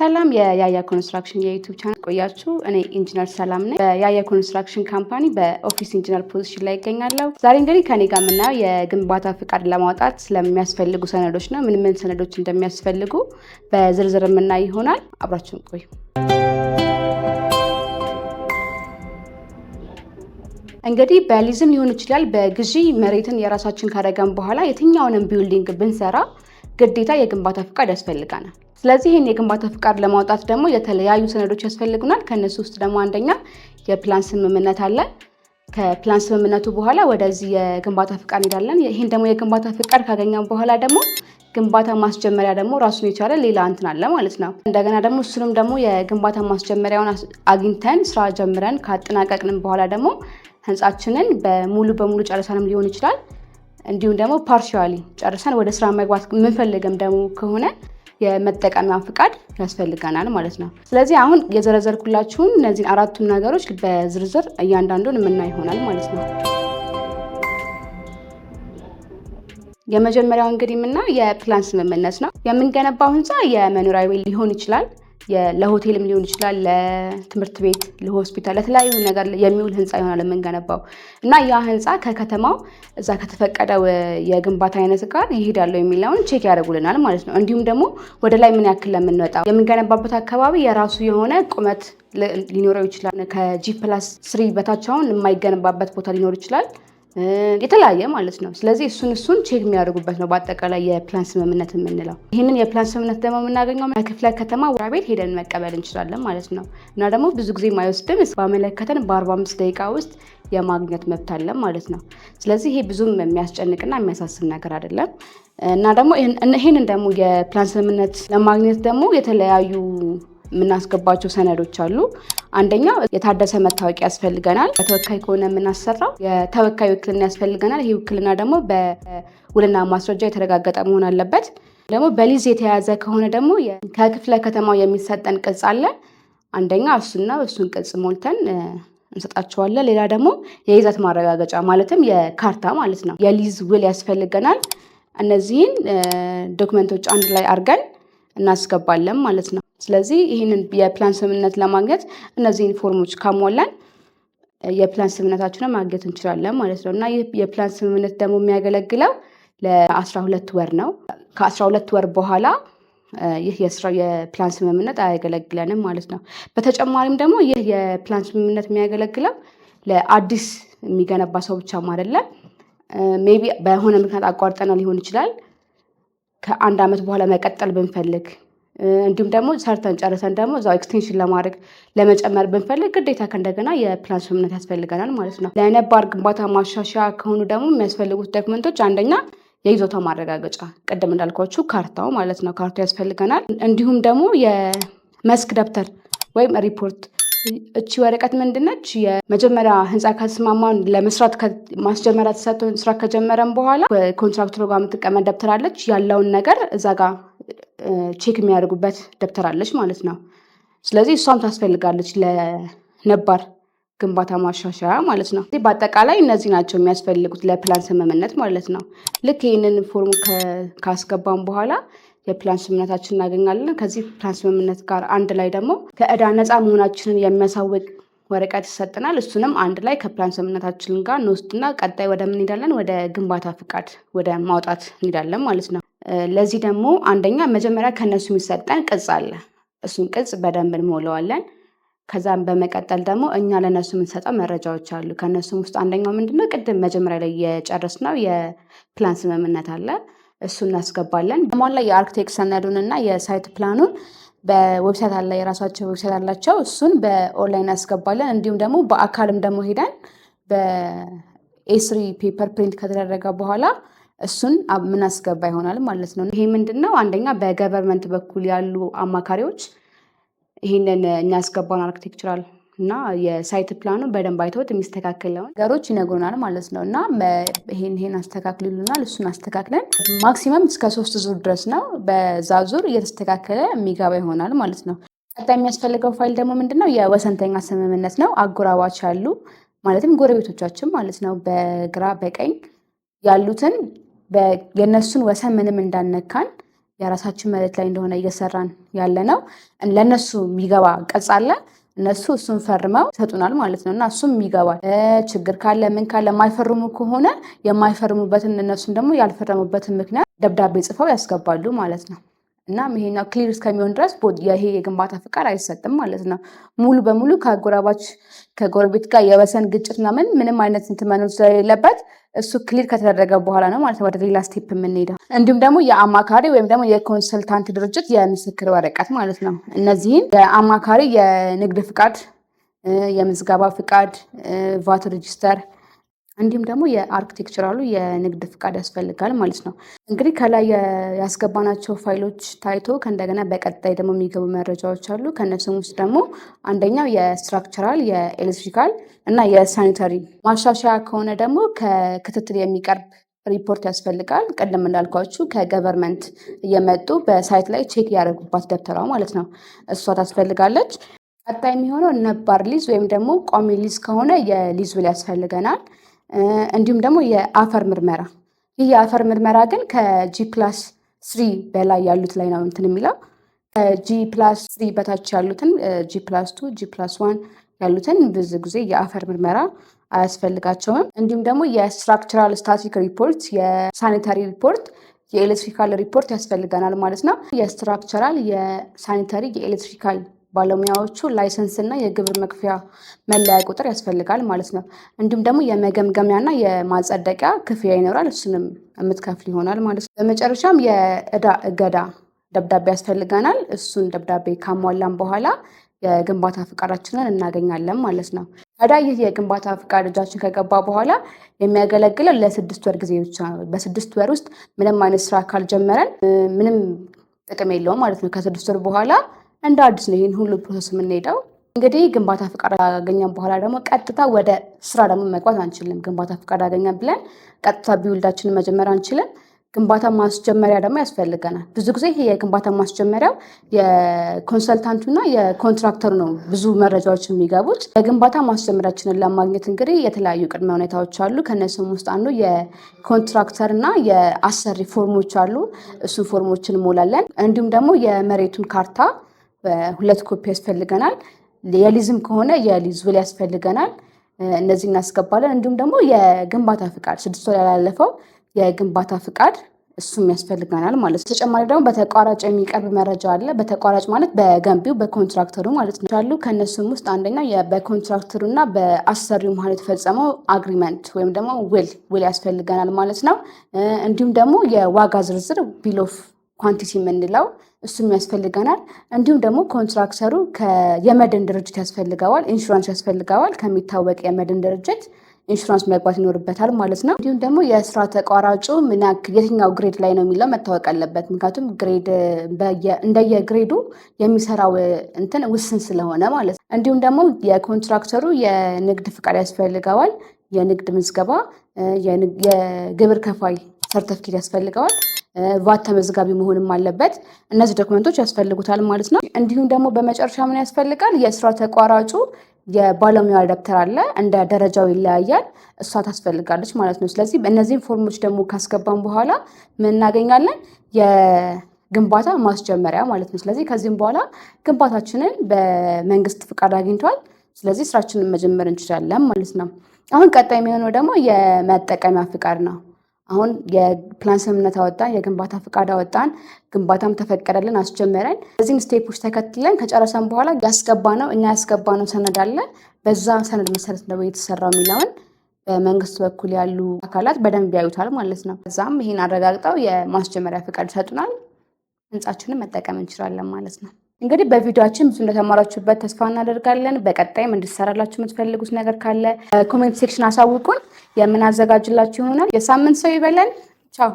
ሰላም የያያ ኮንስትራክሽን የዩቱብ ቻናል ቆያችሁ። እኔ ኢንጂነር ሰላም ነኝ። በያያ ኮንስትራክሽን ካምፓኒ በኦፊስ ኢንጂነር ፖዚሽን ላይ ይገኛለሁ። ዛሬ እንግዲህ ከኔ ጋር የምናየው የግንባታ ፍቃድ ለማውጣት ስለሚያስፈልጉ ሰነዶች ነው። ምን ምን ሰነዶች እንደሚያስፈልጉ በዝርዝር የምናይ ይሆናል። አብራችሁን ቆዩ። እንግዲህ በሊዝም ሊሆን ይችላል። በግዢ መሬትን የራሳችን ካደረገን በኋላ የትኛውንም ቢልዲንግ ብንሰራ ግዴታ የግንባታ ፍቃድ ያስፈልጋናል። ስለዚህ ይህን የግንባታ ፍቃድ ለማውጣት ደግሞ የተለያዩ ሰነዶች ያስፈልጉናል። ከእነሱ ውስጥ ደግሞ አንደኛ የፕላን ስምምነት አለ። ከፕላን ስምምነቱ በኋላ ወደዚህ የግንባታ ፍቃድ እንሄዳለን። ይህን ደግሞ የግንባታ ፍቃድ ካገኘን በኋላ ደግሞ ግንባታ ማስጀመሪያ ደግሞ ራሱን የቻለ ሌላ እንትን አለ ማለት ነው። እንደገና ደግሞ እሱንም ደግሞ የግንባታ ማስጀመሪያውን አግኝተን ስራ ጀምረን ካጠናቀቅንም በኋላ ደግሞ ህንፃችንን በሙሉ በሙሉ ጨርሰንም ሊሆን ይችላል። እንዲሁም ደግሞ ፓርሻሊ ጨርሰን ወደ ስራ መግባት የምንፈልግም ደግሞ ከሆነ የመጠቀሚያ ፍቃድ ያስፈልገናል ማለት ነው። ስለዚህ አሁን የዘረዘርኩላችሁን እነዚህን አራቱን ነገሮች በዝርዝር እያንዳንዱን የምናይ ይሆናል ማለት ነው። የመጀመሪያው እንግዲህ የምናየው የፕላን ስምምነት ነው። የምንገነባው ህንፃ የመኖሪያ ቤት ሊሆን ይችላል ለሆቴልም ሊሆን ይችላል፣ ለትምህርት ቤት፣ ለሆስፒታል፣ ለተለያዩ ነገር የሚውል ህንፃ ይሆናል የምንገነባው እና ያ ህንፃ ከከተማው እዛ ከተፈቀደው የግንባታ አይነት ጋር ይሄዳለው የሚለውን ቼክ ያደርጉልናል ማለት ነው። እንዲሁም ደግሞ ወደ ላይ ምን ያክል ለምንወጣው የምንገነባበት አካባቢ የራሱ የሆነ ቁመት ሊኖረው ይችላል። ከጂ ፕላስ ስሪ በታች አሁን የማይገነባበት ቦታ ሊኖር ይችላል። የተለያየ ማለት ነው። ስለዚህ እሱን እሱን ቼክ የሚያደርጉበት ነው በአጠቃላይ የፕላን ስምምነት የምንለው። ይህንን የፕላን ስምምነት ደግሞ የምናገኘው ከክፍለ ከተማ ወራ ቤት ሄደን መቀበል እንችላለን ማለት ነው እና ደግሞ ብዙ ጊዜ ማይወስድም ባመለከተን በ45 ደቂቃ ውስጥ የማግኘት መብት አለን ማለት ነው። ስለዚህ ይሄ ብዙም የሚያስጨንቅና የሚያሳስብ ነገር አይደለም እና ደግሞ ይህንን ደግሞ የፕላን ስምምነት ለማግኘት ደግሞ የተለያዩ የምናስገባቸው ሰነዶች አሉ። አንደኛው የታደሰ መታወቂያ ያስፈልገናል። በተወካይ ከሆነ የምናሰራው የተወካይ ውክልና ያስፈልገናል። ይህ ውክልና ደግሞ በውልና ማስረጃ የተረጋገጠ መሆን አለበት። ደግሞ በሊዝ የተያዘ ከሆነ ደግሞ ከክፍለ ከተማው የሚሰጠን ቅጽ አለ። አንደኛ እሱና እሱን ቅጽ ሞልተን እንሰጣቸዋለን። ሌላ ደግሞ የይዘት ማረጋገጫ ማለትም የካርታ ማለት ነው፣ የሊዝ ውል ያስፈልገናል። እነዚህን ዶክመንቶች አንድ ላይ አድርገን እናስገባለን ማለት ነው። ስለዚህ ይህንን የፕላን ስምምነት ለማግኘት እነዚህን ፎርሞች ካሟላን የፕላን ስምምነታችንን ማግኘት እንችላለን ማለት ነው እና ይህ የፕላን ስምምነት ደግሞ የሚያገለግለው ለአስራ ሁለት ወር ነው። ከአስራ ሁለት ወር በኋላ ይህ የፕላን ስምምነት አያገለግለንም ማለት ነው። በተጨማሪም ደግሞ ይህ የፕላን ስምምነት የሚያገለግለው ለአዲስ የሚገነባ ሰው ብቻም አይደለም። ሜይ ቢ በሆነ ምክንያት አቋርጠና ሊሆን ይችላል። ከአንድ ዓመት በኋላ መቀጠል ብንፈልግ እንዲሁም ደግሞ ሰርተን ጨርሰን ደግሞ እዛው ኤክስቴንሽን ለማድረግ ለመጨመር ብንፈልግ ግዴታ ከእንደገና የፕላን ስምምነት ያስፈልገናል ማለት ነው። ለነባር ግንባታ ማሻሻያ ከሆኑ ደግሞ የሚያስፈልጉት ዶክመንቶች አንደኛ የይዞታ ማረጋገጫ ቅድም እንዳልኳችሁ ካርታው ማለት ነው። ካርታው ያስፈልገናል። እንዲሁም ደግሞ የመስክ ደብተር ወይም ሪፖርት። እቺ ወረቀት ምንድነች? የመጀመሪያ ህንፃ ከተስማማን ለመስራት ማስጀመሪያ ተሰጥቶ ስራ ከጀመረን በኋላ ኮንትራክተሩ ጋር የምትቀመጥ ደብተር አለች። ያለውን ነገር እዛ ጋር ቼክ የሚያደርጉበት ደብተር አለች ማለት ነው። ስለዚህ እሷም ታስፈልጋለች ለነባር ግንባታ ማሻሻያ ማለት ነው። በአጠቃላይ እነዚህ ናቸው የሚያስፈልጉት ለፕላን ስምምነት ማለት ነው። ልክ ይህንን ፎርም ካስገባም በኋላ የፕላን ስምምነታችን እናገኛለን። ከዚህ ፕላን ስምምነት ጋር አንድ ላይ ደግሞ ከእዳ ነፃ መሆናችንን የሚያሳውቅ ወረቀት ይሰጠናል። እሱንም አንድ ላይ ከፕላን ስምምነታችን ጋር እንወስድና ቀጣይ ወደምን እንሄዳለን? ወደ ግንባታ ፍቃድ ወደ ማውጣት እንሄዳለን ማለት ነው። ለዚህ ደግሞ አንደኛ መጀመሪያ ከእነሱ የሚሰጠን ቅጽ አለ። እሱን ቅጽ በደንብ እንሞላዋለን። ከዛም በመቀጠል ደግሞ እኛ ለእነሱ የምንሰጠው መረጃዎች አሉ። ከእነሱም ውስጥ አንደኛው ምንድነው ቅድም መጀመሪያ ላይ የጨረስነው የፕላን ስምምነት አለ። እሱ እናስገባለን። በሟላ የአርክቴክት ሰነዱን እና የሳይት ፕላኑን በዌብሳይት አለ፣ የራሳቸው ዌብሳይት አላቸው። እሱን በኦንላይን ያስገባለን። እንዲሁም ደግሞ በአካልም ደግሞ ሄደን በኤስሪ ፔፐር ፕሪንት ከተደረገ በኋላ እሱን አስገባ ይሆናል ማለት ነው። ይሄ ምንድን ነው? አንደኛ በገቨርንመንት በኩል ያሉ አማካሪዎች ይህንን የሚያስገባውን አርክቴክቸራል እና የሳይት ፕላኑ በደንብ አይተውት የሚስተካከለውን ነገሮች ይነግሩናል ማለት ነው። እና ይሄን ይሄን አስተካክሉ ይሉናል። እሱን አስተካክለን ማክሲመም እስከ ሶስት ዙር ድረስ ነው። በዛ ዙር እየተስተካከለ የሚገባ ይሆናል ማለት ነው። ቀጣይ የሚያስፈልገው ፋይል ደግሞ ምንድነው? የወሰንተኛ ስምምነት ነው። አጎራባች ያሉ ማለትም ጎረቤቶቻችን ማለት ነው በግራ በቀኝ ያሉትን የእነሱን ወሰን ምንም እንዳነካን የራሳችን መሬት ላይ እንደሆነ እየሰራን ያለ ነው። ለእነሱ የሚገባ ቅጽ አለ። እነሱ እሱን ፈርመው ይሰጡናል ማለት ነው እና እሱም ይገባል። ችግር ካለ ምን ካለ የማይፈርሙ ከሆነ የማይፈርሙበትን እነሱም ደግሞ ያልፈረሙበትን ምክንያት ደብዳቤ ጽፈው ያስገባሉ ማለት ነው። እናም ይሄኛው ክሊር እስከሚሆን ድረስ ይሄ የግንባታ ፍቃድ አይሰጥም ማለት ነው። ሙሉ በሙሉ ከጎረባች ከጎረቤት ጋር የወሰን ግጭት ምናምን ምንም አይነት እንትን መኖር ስለሌለበት እሱ ክሊር ከተደረገ በኋላ ነው ማለት ነው ወደ ሌላ ስቴፕ የምንሄደው። እንዲሁም ደግሞ የአማካሪ ወይም ደግሞ የኮንሰልታንት ድርጅት የምስክር ወረቀት ማለት ነው። እነዚህም የአማካሪ የንግድ ፍቃድ፣ የምዝገባ ፍቃድ፣ ቫት ሬጂስተር እንዲሁም ደግሞ የአርክቴክቸራሉ የንግድ ፍቃድ ያስፈልጋል ማለት ነው። እንግዲህ ከላይ ያስገባናቸው ፋይሎች ታይቶ ከእንደገና በቀጣይ ደግሞ የሚገቡ መረጃዎች አሉ። ከእነሱም ውስጥ ደግሞ አንደኛው የስትራክቸራል፣ የኤሌክትሪካል እና የሳኒታሪ ማሻሻያ ከሆነ ደግሞ ከክትትል የሚቀርብ ሪፖርት ያስፈልጋል። ቅድም እንዳልኳችሁ ከገቨርንመንት እየመጡ በሳይት ላይ ቼክ ያደረጉባት ደብተራ ማለት ነው፣ እሷ ታስፈልጋለች። ቀጣይ የሚሆነው ነባር ሊዝ ወይም ደግሞ ቋሚ ሊዝ ከሆነ የሊዝ ውል ያስፈልገናል። እንዲሁም ደግሞ የአፈር ምርመራ ይህ የአፈር ምርመራ ግን ከጂ ፕላስ ስሪ በላይ ያሉት ላይ ነው እንትን የሚለው ከጂ ፕላስ ስሪ በታች ያሉትን ጂ ፕላስ ቱ ጂ ፕላስ ዋን ያሉትን ብዙ ጊዜ የአፈር ምርመራ አያስፈልጋቸውም። እንዲሁም ደግሞ የስትራክቸራል ስታቲክ ሪፖርት፣ የሳኒታሪ ሪፖርት፣ የኤሌክትሪካል ሪፖርት ያስፈልገናል ማለት ነው። የስትራክቸራል፣ የሳኒታሪ፣ የኤሌክትሪካል ባለሙያዎቹ ላይሰንስ እና የግብር መክፊያ መለያ ቁጥር ያስፈልጋል ማለት ነው። እንዲሁም ደግሞ የመገምገሚያና የማጸደቂያ ክፍያ ይኖራል። እሱንም የምትከፍል ይሆናል ማለት ነው። በመጨረሻም የእዳ እገዳ ደብዳቤ ያስፈልገናል። እሱን ደብዳቤ ካሟላን በኋላ የግንባታ ፍቃዳችንን እናገኛለን ማለት ነው። ታዲያ ይህ የግንባታ ፍቃድ እጃችን ከገባ በኋላ የሚያገለግለው ለስድስት ወር ጊዜ ብቻ ነው። በስድስት ወር ውስጥ ምንም አይነት ስራ ካልጀመረን ምንም ጥቅም የለውም ማለት ነው። ከስድስት ወር በኋላ እንደ አዲስ ነው ይህን ሁሉ ፕሮሰስ የምንሄደው። እንግዲህ ግንባታ ፍቃድ አገኘን በኋላ ደግሞ ቀጥታ ወደ ስራ ደግሞ መግባት አንችልም። ግንባታ ፍቃድ አገኘን ብለን ቀጥታ ቢውልዳችንን መጀመር አንችልም። ግንባታ ማስጀመሪያ ደግሞ ያስፈልገናል። ብዙ ጊዜ ይሄ የግንባታ ማስጀመሪያው የኮንሰልታንቱና የኮንትራክተሩ ነው ብዙ መረጃዎች የሚገቡት። የግንባታ ማስጀመሪያችንን ለማግኘት እንግዲህ የተለያዩ ቅድመ ሁኔታዎች አሉ። ከነሱም ውስጥ አንዱ የኮንትራክተርና የአሰሪ ፎርሞች አሉ። እሱን ፎርሞችን እንሞላለን። እንዲሁም ደግሞ የመሬቱን ካርታ ሁለት ኮፒ ያስፈልገናል። የሊዝም ከሆነ የሊዝ ውል ያስፈልገናል። እነዚህ እናስገባለን። እንዲሁም ደግሞ የግንባታ ፍቃድ፣ ስድስት ወር ያላለፈው የግንባታ ፍቃድ እሱም ያስፈልገናል ማለት ነው። ተጨማሪ ደግሞ በተቋራጭ የሚቀርብ መረጃ አለ። በተቋራጭ ማለት በገንቢው በኮንትራክተሩ ማለት ነው አሉ። ከእነሱም ውስጥ አንደኛው በኮንትራክተሩ እና በአሰሪው መሀል የተፈጸመው አግሪመንት ወይም ደግሞ ውል ውል ያስፈልገናል ማለት ነው። እንዲሁም ደግሞ የዋጋ ዝርዝር ቢሎፍ ኳንቲቲ የምንለው እሱም ያስፈልገናል። እንዲሁም ደግሞ ኮንትራክተሩ የመድን ድርጅት ያስፈልገዋል፣ ኢንሹራንስ ያስፈልገዋል። ከሚታወቅ የመድን ድርጅት ኢንሹራንስ መግባት ይኖርበታል ማለት ነው። እንዲሁም ደግሞ የስራ ተቋራጩ ምን ያክል የትኛው ግሬድ ላይ ነው የሚለው መታወቅ አለበት። ምክንያቱም ግሬድ እንደየግሬዱ የሚሰራው እንትን ውስን ስለሆነ ማለት ነው። እንዲሁም ደግሞ የኮንትራክተሩ የንግድ ፍቃድ ያስፈልገዋል፣ የንግድ ምዝገባ፣ የግብር ከፋይ ሰርተፍኬት ያስፈልገዋል። ቫት ተመዝጋቢ መሆንም አለበት። እነዚህ ዶክመንቶች ያስፈልጉታል ማለት ነው። እንዲሁም ደግሞ በመጨረሻ ምን ያስፈልጋል? የስራ ተቋራጩ የባለሙያ ደብተር አለ። እንደ ደረጃው ይለያያል። እሷ ታስፈልጋለች ማለት ነው። ስለዚህ እነዚህን ፎርሞች ደግሞ ካስገባን በኋላ ምን እናገኛለን? የግንባታ ማስጀመሪያ ማለት ነው። ስለዚህ ከዚህም በኋላ ግንባታችንን በመንግስት ፍቃድ አግኝቷል። ስለዚህ ስራችንን መጀመር እንችላለን ማለት ነው። አሁን ቀጣይ የሚሆነው ደግሞ የመጠቀሚያ ፍቃድ ነው። አሁን የፕላን ስምምነት አወጣን፣ የግንባታ ፈቃድ አወጣን፣ ግንባታም ተፈቀደልን፣ አስጀመረን። እዚህም ስቴፖች ተከትለን ከጨረሰን በኋላ ነው እኛ ነው ሰነድ አለ። በዛ ሰነድ መሰረት ነው የተሰራው የሚለውን በመንግስት በኩል ያሉ አካላት በደንብ ያዩታል ማለት ነው። ከዛም ይህን አረጋግጠው የማስጀመሪያ ፍቃድ ይሰጡናል፣ ህንጻችንን መጠቀም እንችላለን ማለት ነው። እንግዲህ በቪዲዮችን ብዙ እንደተማራችሁበት ተስፋ እናደርጋለን። በቀጣይም እንድሰራላችሁ የምትፈልጉት ነገር ካለ ኮሜንት ሴክሽን አሳውቁን። የምናዘጋጅላችሁ ይሆናል። የሳምንት ሰው ይበለን። ቻው